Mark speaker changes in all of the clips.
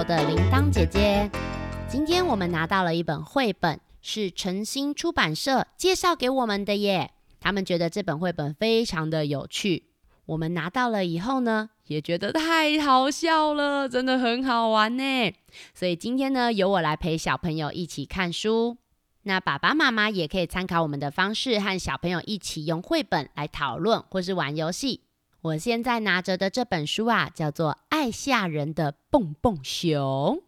Speaker 1: 我的鈴鐺姐姐，今天我們拿到了一本繪本，是晨星出版社介紹給我們的耶。他們覺得這本繪本非常的有趣，我們拿到了以後呢，也覺得太好笑了，真的很好玩呢。所以今天呢，由我來陪小朋友一起看書，那爸爸媽媽也可以參考我們的方式，和小朋友一起用繪本來討論或是玩遊戲。我現在拿着的這本書啊，叫做。太嚇人的蹦蹦熊！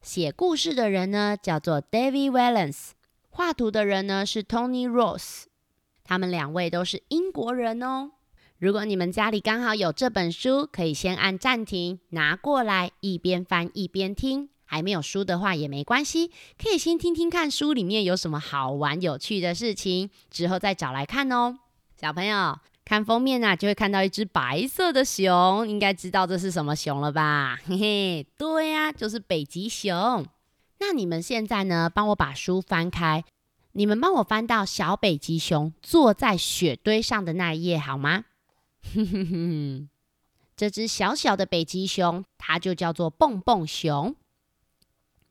Speaker 1: 寫 故事的人呢，叫做 David Walliams，畫圖的人呢是 Tony Ross。他們兩位都是英國人哦。如果你們家裡剛好有這本書，可以先按暫停，拿過來一邊翻一邊聽。還沒有書的話也沒關係，可以先聽聽看書裡面有什麼好玩有趣的事情，之後再找來看哦，小朋友。看封面吶、啊，就會看到一隻白色的熊，應該知道這是什麼熊了吧？嘿嘿，對呀、啊，就是北極熊。那你們現在呢，幫我把書翻開，你們幫我翻到小北極熊坐在雪堆上的那一頁好嗎？呵呵呵。這隻小小的北極熊，它就叫做蹦蹦熊。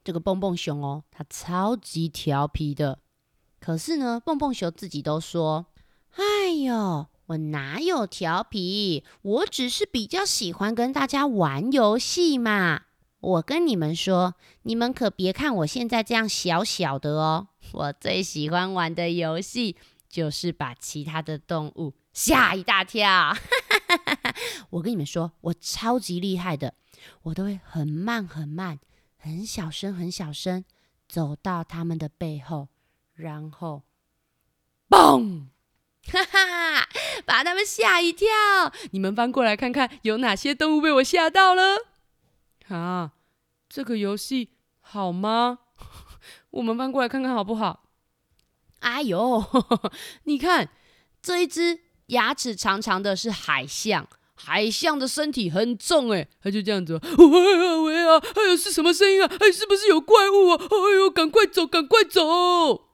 Speaker 1: 這個蹦蹦熊哦，它超級調皮的。可是呢，蹦蹦熊自己都說：“哎呦。”我哪有調皮？我只是比較喜歡跟大家玩遊戲嘛。我跟你們說，你們可別看我現在這樣小小的哦。我最喜歡玩的遊戲就是把其他的動物嚇一大跳。 我跟你們說，我超級厲害的，我都會很慢很慢，很小聲很小聲，走到他們的背後，然後，嘣！哈哈。把他們嚇一跳！你們翻過來看看，有哪些動物被我嚇到了？啊，這個遊戲好嗎？我們翻過來看看好不好？哎呦，呵呵你看這一只牙齒長長的，是海象。海象的身體很重哎，它就這樣子。喂呀，喂呀，哎，是什麼聲音啊？哎，是不是有怪物啊？哎呦，趕快走，趕快走！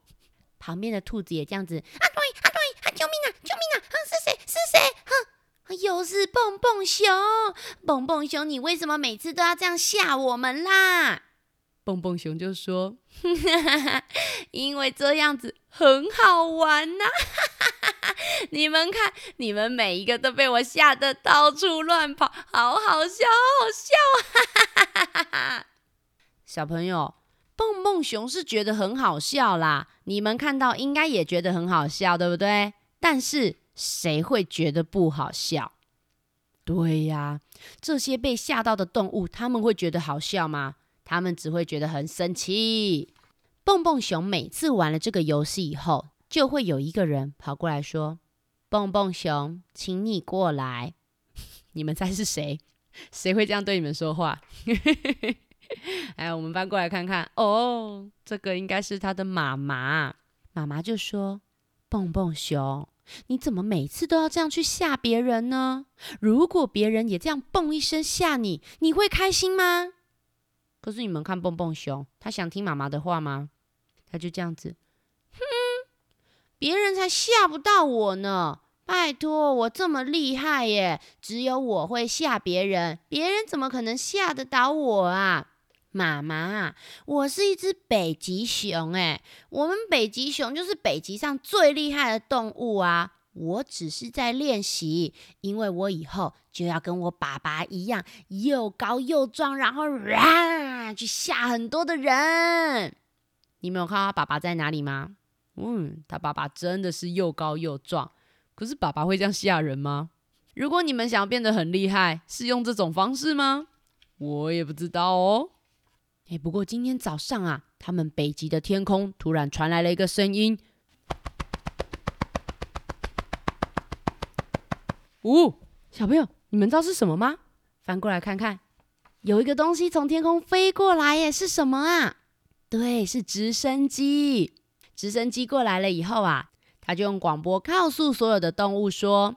Speaker 1: 旁邊的兔子也這樣子，啊，對啊，對，啊救命啊救命啊！哼、啊啊、是誰是誰？哼、啊，又、哎、是蹦蹦熊！蹦蹦熊，你為什麼每次都要這樣嚇我們啦？蹦蹦熊就說： 因為這樣子很好玩吶、啊！ 你們看，你們每一個都被我嚇得到處亂跑，好好笑，好好笑啊！ 小朋友。蹦蹦熊是覺得很好笑啦，你們看到應該也覺得很好笑，對不對？但是誰會覺得不好笑？對呀，這些被嚇到的動物，他們會覺得好笑嗎？他們只會覺得很生氣。蹦蹦熊每次玩了這個遊戲以後，就會有一個人跑過來說：“蹦蹦熊，請你過來。 ”你們猜是誰？誰會這樣對你們說話？ 哎，我們翻過來看看哦，這個應該是他的媽媽。媽媽就說：“蹦蹦熊，你怎麼每次都要這樣去嚇別人呢？如果別人也這樣蹦一聲嚇你，你會開心嗎？”可是你們看，蹦蹦熊，他想聽媽媽的話嗎？他就這樣子，哼哼！別人才嚇不到我呢！拜託，我這麼厲害耶，只有我會嚇別人，別人怎麼可能嚇得到我啊？媽媽，我是一隻北極熊哎！我們北極熊就是北極上最厲害的動物啊！我只是在練習，因為我以後就要跟我爸爸一樣又高又壯，然後啊去、呃、嚇很多的人。你們有看到他爸爸在哪裡嗎？嗯，他爸爸真的是又高又壯，可是爸爸會這樣嚇人嗎？如果你們想要變得很厲害，是用這種方式嗎？我也不知道哦。哎，不過今天早上啊，他們北極的天空突然傳來了一個聲音。哦，小朋友，你們知道是什麼嗎？翻過來看看，有一個東西從天空飛過來耶，是什麼啊？對，是直升機。直升機過來了以後啊，他就用廣播告訴所有的動物說：“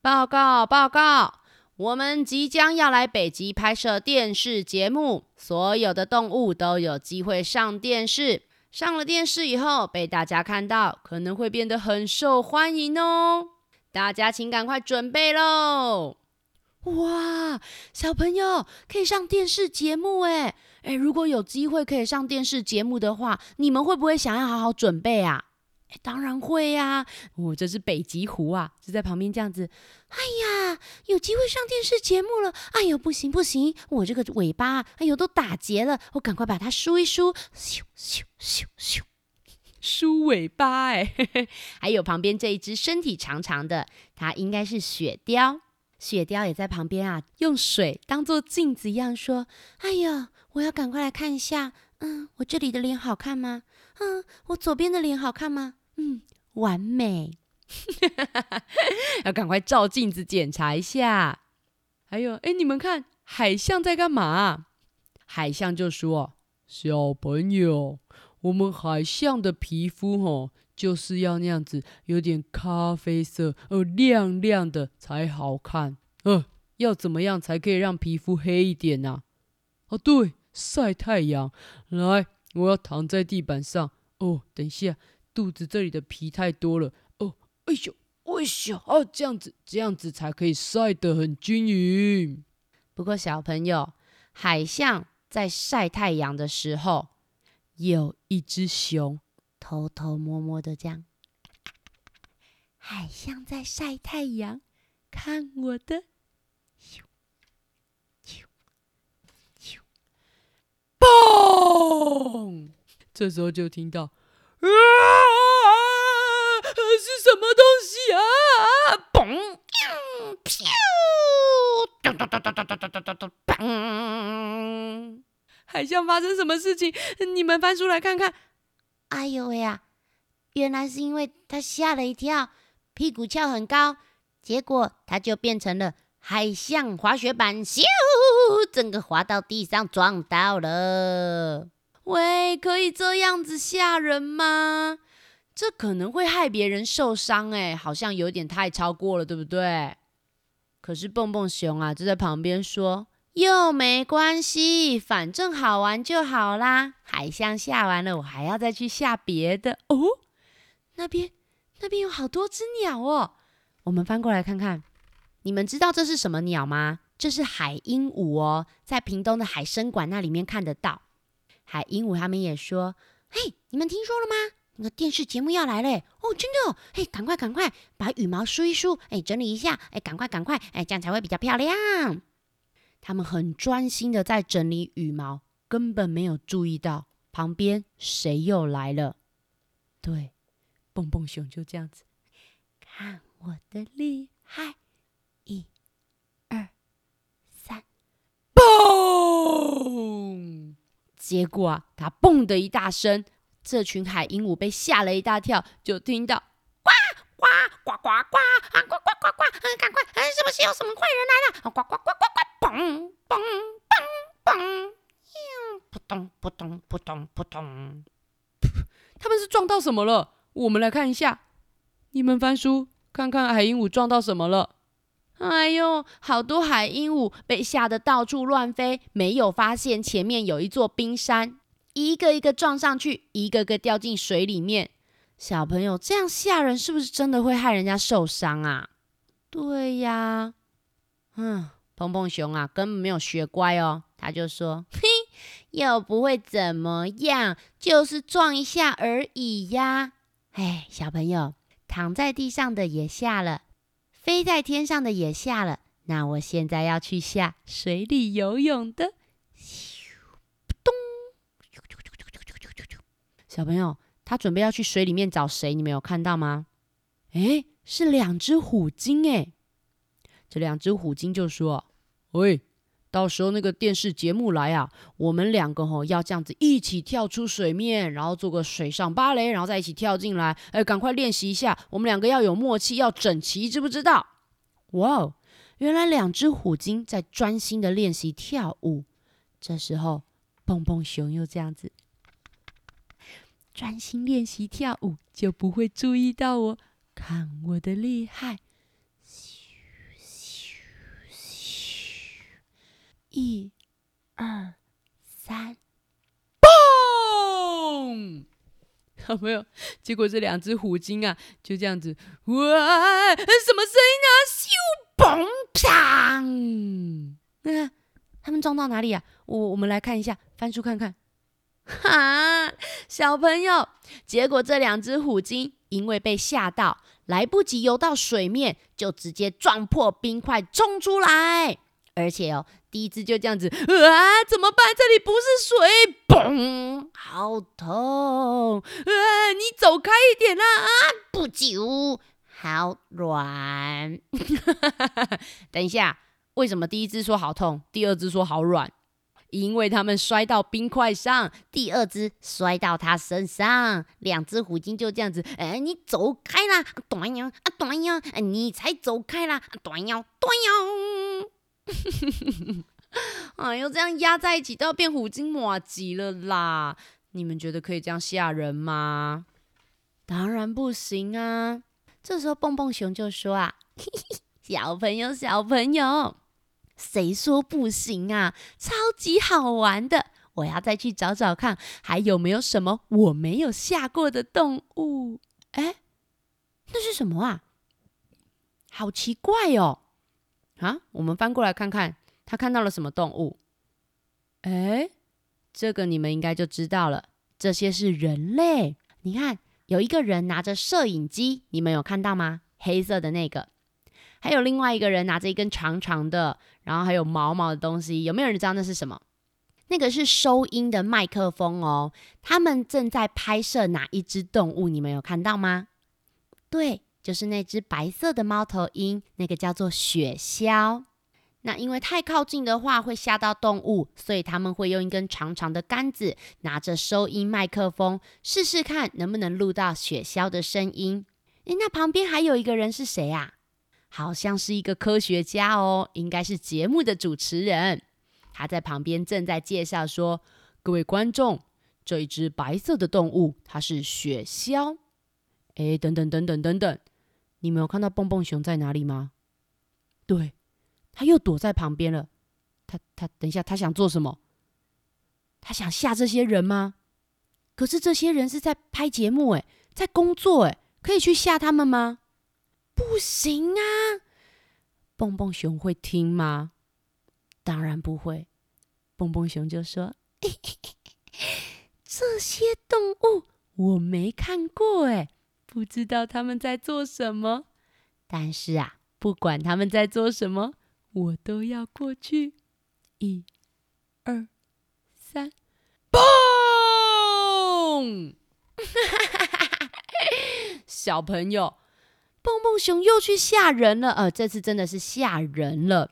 Speaker 1: 報告，報告！”我們即將要來北極拍攝電視節目，所有的動物都有機會上電視。上了電視以後，被大家看到，可能會變得很受歡迎哦。大家請趕快準備嘍！哇，小朋友，可以上電視節目哎哎，如果有機會可以上電視節目的話，你們會不會想要好好準備啊？欸、當然會呀、啊！我、哦、這是北極狐啊，就在旁邊這樣子。哎呀，有機會上電視節目了！哎呦，不行不行，我這個尾巴，哎呦都打結了，我趕快把它梳一梳。咻咻咻咻，咻咻 梳尾巴、欸！哎， 還有旁邊這一隻身體長長的，它應該是雪貂。雪貂也在旁邊啊，用水當做鏡子一樣說：“哎呀，我要趕快來看一下，嗯，我這裡的臉好看嗎？嗯，我左邊的臉好看嗎？”嗯，完美！ 要趕快照鏡子檢查一下。還有，哎、欸，你們看海象在幹嘛？海象就說：“小朋友，我們海象的皮膚齁，就是要那樣子有點咖啡色，哦、呃，亮亮的，才好看。哦、呃。要怎麼樣才可以讓皮膚黑一點呢、啊？哦，對，曬太陽。來，我要躺在地板上。哦，等一下。”肚子這裡的皮太多了哦，哎、欸、呦，哎、欸、呦，哦、啊，這樣子，這樣子才可以曬得很均勻。不過小朋友，海象在曬太陽的時候，有一隻熊偷偷摸摸的這樣，海象在曬太陽，看我的，咻，咻，咻，嘣！這時候就聽到，啊！這是什麼東西啊？嘣！砰！咚咚咚咚咚咚咚咚！砰！海象發生什麼事情？你們翻出來看看。哎呦喂呀、啊，原來是因為它嚇了一跳，屁股翹很高，結果它就變成了海象滑雪板，咻！整個滑到地上撞到了。喂，可以這樣子嚇人嗎？這可能會害別人受傷哎，好像有點太超過了，對不對？可是蹦蹦熊啊，就在旁邊說，又沒關係，反正好玩就好啦。海象嚇完了，我還要再去嚇別的哦。那邊，那邊有好多只鳥哦。我們翻過來看看，你們知道這是什麼鳥嗎？這是海鸚鵡哦，在屏東的海生館那裡面看得到。海鸚鵡他們也說，嘿，你們聽說了嗎？那電視節目要來了哦，真的哦！嘿，趕快趕快把羽毛梳一梳，哎，整理一下，哎，趕快趕快，哎，這樣才會比較漂亮。他們很專心的在整理羽毛，根本沒有注意到旁邊誰又來了。對，蹦蹦熊就這樣子，看我的厲害！一、二、三，蹦！結果啊，他蹦的一大聲。這群海鸚鵡被嚇了一大跳，就聽到呱呱呱呱呱啊呱呱呱呱！趕快，是不是有什麼壞人來了？啊呱呱呱呱呱！砰砰砰砰！撲通撲通撲通撲通！他們是撞到什麼了？我們來看一下，你們翻書看看，海鸚鵡撞到什麼了？哎呦，好多海鸚鵡被嚇得到處亂飛，沒有發現前面有一座冰山，一個一個撞上去，一個個掉進水裡面。小朋友，這樣嚇人是不是真的會害人家受傷啊？對呀、啊，嗯，蹦蹦熊啊，根本沒有學乖哦，他就說，嘿，又不會怎麼樣，就是撞一下而已呀。哎，小朋友，躺在地上的也嚇了，飛在天上的也嚇了，那我現在要去嚇水裡游泳的。小朋友，他準備要去水裡面找誰？你沒有看到嗎？哎，是兩隻虎鯨哎！這兩隻虎鯨就說：“喂，到時候那個電視節目來啊，我們兩個吼、哦、要這樣子一起跳出水面，然後做個水上芭蕾，然後再一起跳進來。哎，趕快練習一下，我們兩個要有默契，要整齊，知不知道？”哇哦，原來兩隻虎鯨在專心的練習跳舞。這時候，蹦蹦熊又這樣子。專心練習跳舞，就不會注意到我。看我的厲害！咻咻咻！一、二、三，嘣！小朋友，結果這兩隻虎鯨啊，就這樣子哇！什麼聲音啊？咻嘣啪！啊，他們撞到哪裡呀，啊？我我們來看一下，翻書看看。哈、啊，小朋友，結果這兩只虎鯨因為被嚇到，來不及游到水面，就直接撞破冰塊衝出來。而且哦，第一只就這樣子，啊，怎麼辦？這裡不是水，嘣，好痛！啊，你走開一點啦、啊！啊，不久，好軟。 等一下，為什麼第一只說好痛，第二只說好軟？因為他們摔到冰塊上，第二隻摔到他身上，兩隻虎鯨就這樣子、哎，你走開啦！短腰啊，短、啊、腰、啊啊，你才走開啦！短腰短腰，啊啊啊啊啊、 哎呦，這樣壓在一起都要變虎鯨麻糬了啦！你們覺得可以這樣嚇人嗎？當然不行啊！這時候蹦蹦熊就說啊，嘿嘿小朋友，小朋友。誰說不行啊？超級好玩的！我要再去找找看，還有沒有什麼我沒有嚇過的動物？哎，那是什麼啊？好奇怪哦！啊，我們翻過來看看，他看到了什麼動物？哎，這個你們應該就知道了。這些是人類。你看，有一個人拿着攝影機，你們有看到嗎？黑色的那個，還有另外一個人拿着一根長長的。然後還有毛毛的東西，有沒有人知道那是什麼？那個是收音的麥克風哦。他們正在拍攝哪一只動物？你們有看到嗎？對，就是那只白色的貓頭鷹，那個叫做雪鴞。那因為太靠近的話會嚇到動物，所以他們會用一根長長的杆子，拿着收音麥克風，試試看能不能錄到雪鴞的聲音。誒，那旁邊還有一個人是誰啊？好像是一個科學家哦，應該是節目的主持人。他在旁邊正在介紹說：“各位觀眾，這一只白色的動物，它是雪鴞。”哎，等等等等等等，你沒有看到蹦蹦熊在哪裡嗎？對，他又躲在旁邊了。他他，等一下，他想做什麼？他想嚇這些人嗎？可是這些人是在拍節目，哎，在工作，哎，可以去嚇他們嗎？不行啊！蹦蹦熊會聽嗎？當然不會。蹦蹦熊就說：“欸欸欸、這些動物我沒看過，哎，不知道他們在做什麼。但是啊，不管他們在做什麼，我都要過去。”一、二、三，蹦！哈哈哈哈哈！小朋友。蹦蹦熊又去嚇人了，呃，這次真的是嚇人了。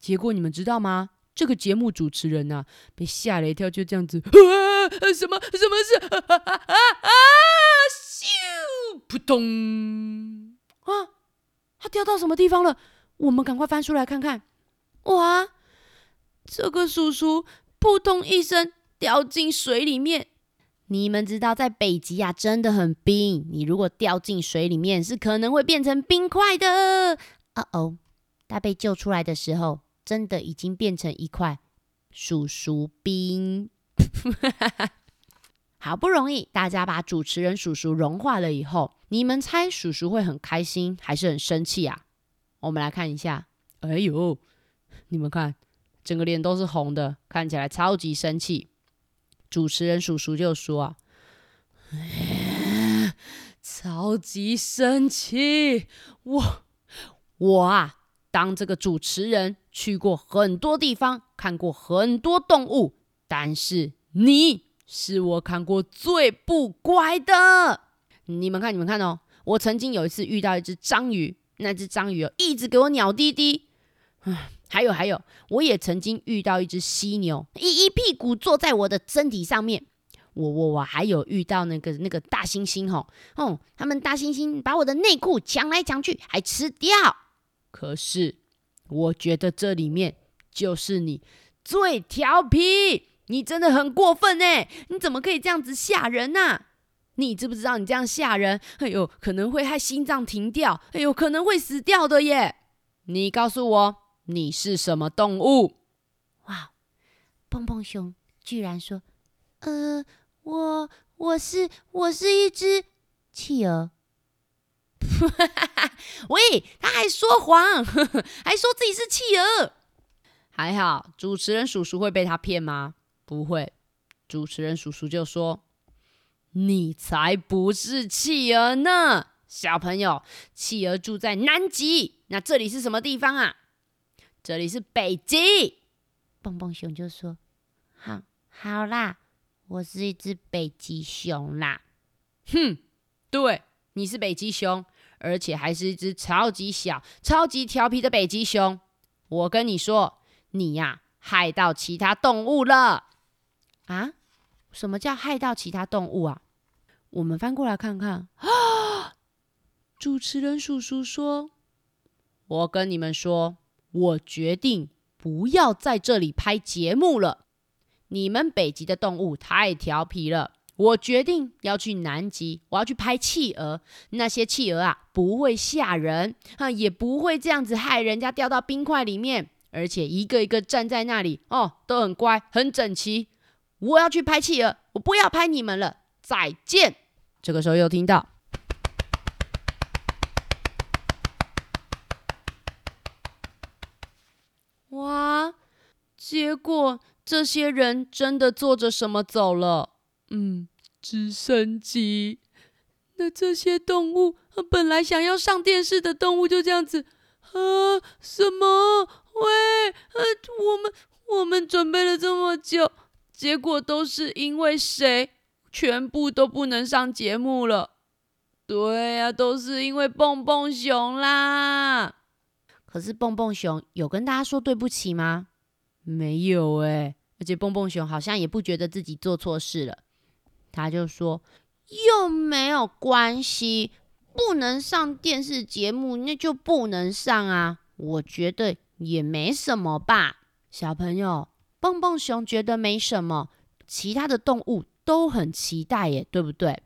Speaker 1: 結果你們知道嗎？這個節目主持人吶、啊，被嚇了一跳，就這樣子，啊、什麼什麼事？啊！啊咻，撲通啊！他掉到什麼地方了？我們趕快翻出來看看。哇！這個叔叔撲通一聲掉進水裡面。你們知道，在北極啊，真的很冰。你如果掉進水裡面，是可能會變成冰塊的。哦哦，他被救出來的時候，真的已經變成一塊叔叔冰。 好不容易大家把主持人叔叔融化了以後，你們猜叔叔會很開心還是很生氣啊？我們來看一下。哎呦，你們看，整個臉都是紅的，看起來超級生氣。主持人叔叔就說啊：“啊、欸，超級生氣！我我啊，當這個主持人去過很多地方，看過很多動物，但是你是我看過最不乖的。你們看，你們看哦，我曾經有一次遇到一隻章魚，那隻章魚一直給我鳥滴滴。還有還有，我也曾經遇到一隻犀牛，一一屁股坐在我的身體上面。我我我，還有遇到那個那個大猩猩，哦、吼、哦、吼，他們大猩猩把我的內褲搶來搶去，還吃掉。可是我覺得這裡面就是你最調皮，你真的很過分誒，你怎麼可以這樣子嚇人吶、啊？你知不知道你這樣嚇人，哎呦，可能會害心臟停掉，哎呦，可能會死掉的耶！你告訴我。你是什麼動物？哇！蹦蹦熊居然說：“呃，我我是我是一只企鵝。 ”喂，他還說謊，還說自己是企鵝。還好主持人叔叔會被他騙嗎？不會，主持人叔叔就說：“你才不是企鵝呢，小朋友！企鵝住在南極，那這裡是什麼地方啊？”這裡是北極，蹦蹦熊就說：“好，好啦，我是一隻北極熊啦。”哼，對，你是北極熊，而且還是一隻超級小、超級調皮的北極熊。我跟你說，你呀、啊，害到其他動物了。啊？什麼叫害到其他動物啊？我們翻過來看看。啊！主持人叔叔說：“我跟你們說。”我決定不要在這裡拍節目了。你們北極的動物太調皮了。我決定要去南極，我要去拍企鵝。那些企鵝啊，不會嚇人，啊，也不會這樣子害人家掉到冰塊裡面。而且一個一個站在那裡，哦，都很乖，很整齊。我要去拍企鵝，我不要拍你們了。再見。這個時候又聽到。結果，這些人真的坐着什麼走了？嗯，直升機。那這些動物，本來想要上電視的動物，就這樣子啊？什麼？喂，呃、啊，我們我們準備了這麼久，結果都是因為誰？全部都不能上節目了。對呀、啊，都是因為蹦蹦熊啦。可是蹦蹦熊有跟大家說對不起嗎？沒有誒，而且蹦蹦熊好像也不覺得自己做錯事了，他就說，又沒有關係，不能上電視節目那就不能上啊。我覺得也沒什麼吧，小朋友，蹦蹦熊覺得沒什麼，其他的動物都很期待耶，對不對？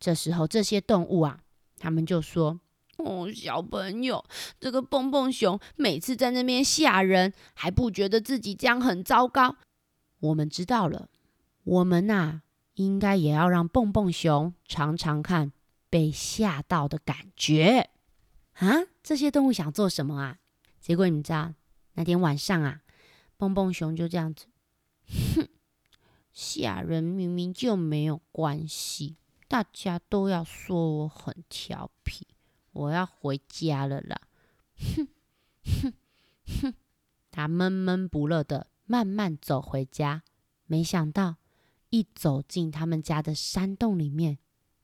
Speaker 1: 這時候這些動物啊，他們就說。哦，小朋友，這個蹦蹦熊每次在那邊嚇人，還不覺得自己這樣很糟糕。我們知道了，我們吶、啊、應該也要讓蹦蹦熊嘗嘗看被嚇到的感覺啊。這些動物想做什麼啊？結果你知道，那天晚上啊，蹦蹦熊就這樣子，哼，嚇人明明就沒有關係，大家都要說我很調皮。我要回家了啦！哼哼哼，他悶悶不樂地慢慢走回家，沒想到一走進他們家的山洞裡面，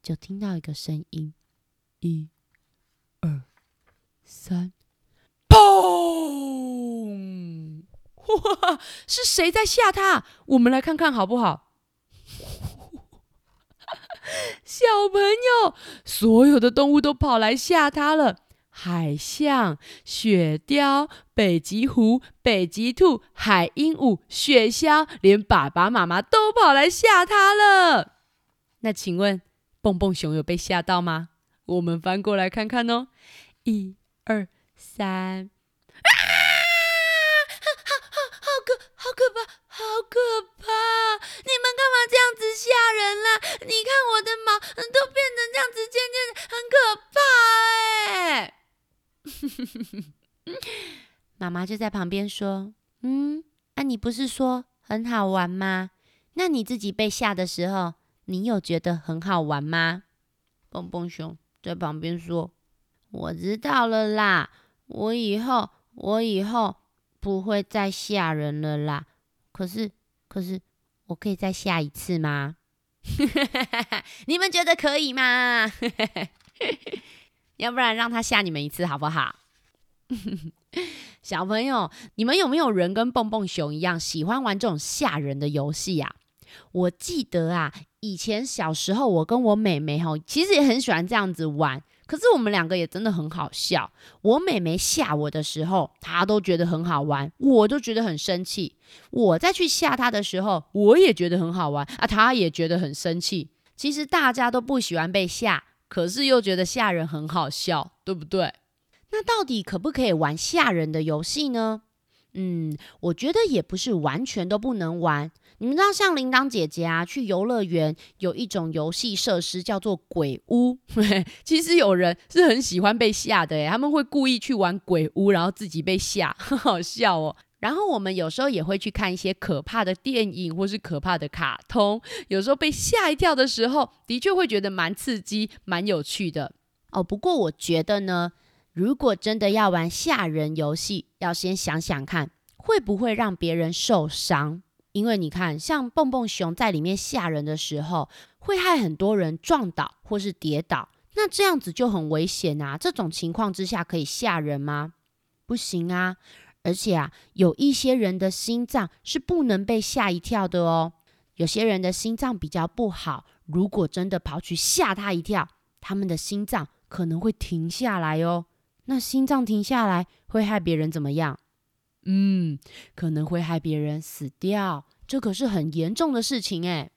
Speaker 1: 就聽到一個聲音：一、二、三，蹦！哇，是誰在嚇他？我們來看看好不好？小朋友，所有的動物都跑來嚇他了，海象、雪貂、北極狐、北極兔、海鸚鵡、雪鴞，連爸爸媽媽都跑來嚇他了。那請問，蹦蹦熊有被嚇到嗎？我們翻過來看看哦、喔，一、二、三，啊，好、啊、好、好、好可、好可怕！好可怕！你們幹嘛這樣子嚇人啦、啊？你看我的毛都變成這樣子，尖尖的，很可怕哎、欸！媽 媽就在旁邊說：“嗯，那、啊、你不是說很好玩嗎？那你自己被嚇的時候，你有覺得很好玩嗎？”蹦蹦熊在旁邊說：“我知道了啦，我以後我以後不會再嚇人了啦。”可是，可是，我可以再嚇一次嗎？ 你們覺得可以嗎？ 要不然讓他嚇你們一次好不好？ 小朋友，你們有沒有人跟蹦蹦熊一樣喜歡玩這種嚇人的遊戲啊？我記得啊，以前小時候我跟我妹妹齁，其實也很喜歡這樣子玩。可是我們兩個也真的很好笑。我妹妹嚇我的時候，她都覺得很好玩，我都覺得很生氣。我再去嚇她的時候，我也覺得很好玩啊，她也覺得很生氣。其實大家都不喜歡被嚇，可是又覺得嚇人很好笑，對不對？那到底可不可以玩嚇人的遊戲呢？嗯，我覺得也不是完全都不能玩。你們知道，像鈴鐺姐姐啊，去遊樂園有一種遊戲設施叫做鬼屋。其實有人是很喜歡被嚇的，哎，他們會故意去玩鬼屋，然後自己被嚇，很好笑哦。然後我們有時候也會去看一些可怕的電影或是可怕的卡通，有時候被嚇一跳的時候，的確會覺得蠻刺激、蠻有趣的哦。不過我覺得呢，如果真的要玩嚇人遊戲，要先想想看會不會讓別人受傷。因為你看，像蹦蹦熊在裡面嚇人的時候，會害很多人撞倒或是跌倒，那這樣子就很危險啊！這種情況之下可以嚇人嗎？不行啊！而且啊，有一些人的心臟是不能被嚇一跳的哦。有些人的心臟比較不好，如果真的跑去嚇他一跳，他們的心臟可能會停下來哦。那心臟停下來會害別人怎麼樣？嗯，可能會害別人死掉，這可是很嚴重的事情哎。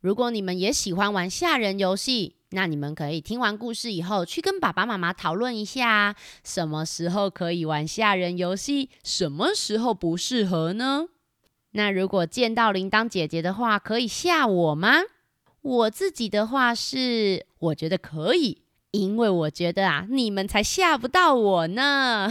Speaker 1: 如果你們也喜歡玩嚇人遊戲，那你們可以聽完故事以後去跟爸爸媽媽討論一下啊，什麼時候可以玩嚇人遊戲，什麼時候不適合呢？那如果見到鈴鐺姐姐的話，可以嚇我嗎？我自己的話是，我覺得可以。因為我覺得啊，你們才嚇不到我呢！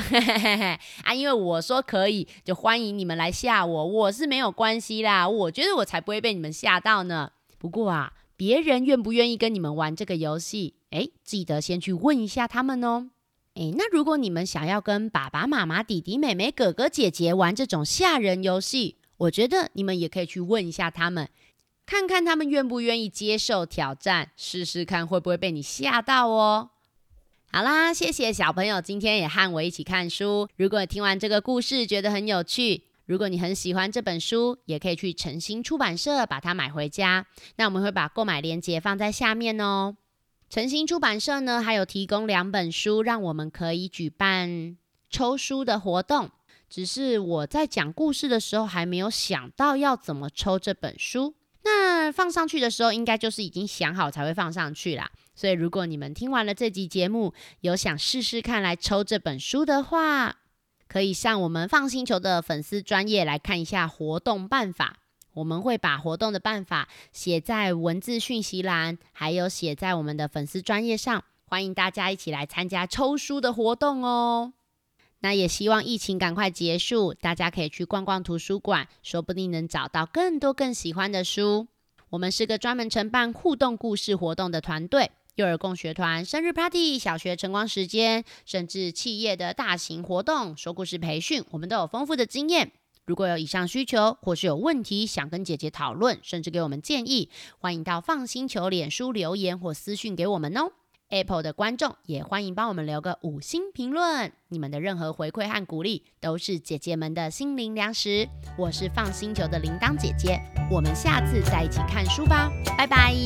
Speaker 1: 啊，因為我說可以，就歡迎你們來嚇我，我是沒有關係啦。我覺得我才不會被你們嚇到呢。不過啊，別人願不願意跟你們玩這個遊戲，哎，記得先去問一下他們哦。哎，那如果你們想要跟爸爸媽媽、弟弟妹妹、哥哥姐姐玩這種嚇人遊戲，我覺得你們也可以去問一下他們。看看他們願不願意接受挑戰，試試看會不會被你嚇到哦。好啦，謝謝小朋友，今天也和我一起看書。如果你聽完這個故事覺得很有趣，如果你很喜歡這本書，也可以去晨星出版社把它買回家。那我們會把購買鏈接放在下面哦。晨星出版社呢，還有提供兩本書，讓我們可以舉辦抽書的活動。只是我在講故事的時候還沒有想到要怎麼抽這本書。那放上去的時候，應該就是已經想好才會放上去啦。所以，如果你們聽完了這集節目，有想試試看來抽這本書的話，可以上我們 FUN 星球的粉絲專頁來看一下活動辦法。我們會把活動的辦法寫在文字訊息欄，還有寫在我們的粉絲專頁上。歡迎大家一起來參加抽書的活動哦！那也希望疫情趕快結束，大家可以去逛逛圖書館，說不定能找到更多更喜歡的書。我們是個專門承辦互動故事活動的團隊，幼兒共學團、生日 party、小學晨光時間，甚至企業的大型活動，說故事培訓，我們都有豐富的經驗。如果有以上需求，或是有問題想跟姐姐討論，甚至給我們建議，歡迎到 FUN 星球臉書留言或私訊給我們哦。Apple 的觀眾也歡迎幫我們留個五星評論，你們的任何回饋和鼓勵都是姐姐們的心靈糧食。我是 FUN 星球的鈴鐺姐姐，我們下次再一起看書吧，拜拜。